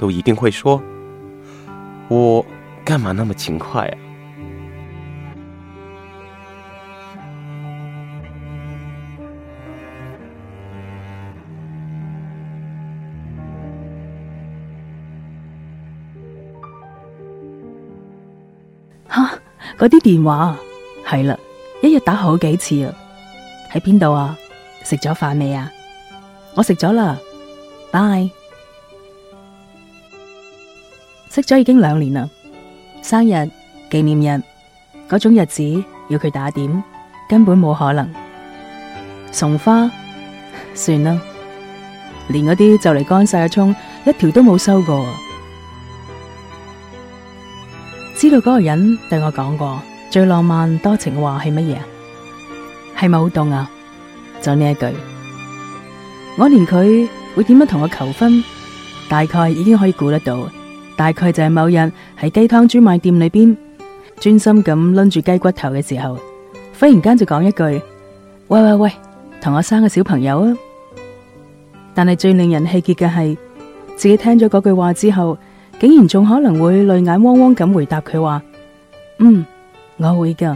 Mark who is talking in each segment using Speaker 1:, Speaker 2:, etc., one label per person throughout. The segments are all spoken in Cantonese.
Speaker 1: 都一定會說，我幹嘛那麽勤快呀，
Speaker 2: 啊？哈，啊，嗰啲電話，係啦，一日打好幾次啊？喺邊度啊？食咗飯未啊？我食咗啦，拜。識咗已經兩年啦，生日紀念日嗰種日子要佢打點，根本冇可能。送花算啦，連嗰啲就嚟乾曬嘅蔥一條都冇收過。知道嗰個人對我講過最浪漫多情嘅話係乜嘢啊？係咪好凍啊？就呢一句，我連佢會點樣同我求婚，大概已經可以估得到。大概就係某日喺雞湯專賣店裏邊專心咁拎住雞骨頭嘅時候，忽然間就講一句：喂喂喂，同我生個小朋友啊！但係最令人氣結嘅係，自己聽咗嗰句話之後，竟然仲可能會淚眼汪汪咁回答佢話：嗯，我會噶。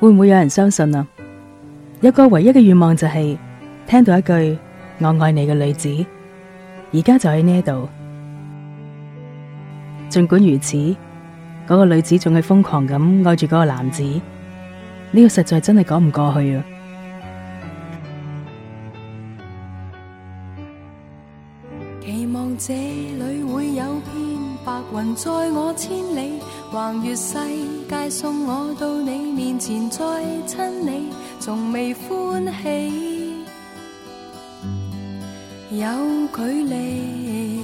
Speaker 2: 會唔會有人相信啊？一個唯一嘅願望就係聽到一句我愛你嘅女子，而家就喺呢度。儘管如此，嗰、那個女子仲係瘋狂咁愛住嗰個男子，呢、這個實在真係講唔過去啊！
Speaker 3: 期望這裏會有片白雲，在我千里橫越世界，送我到你面前，再親你，從未歡喜有距離。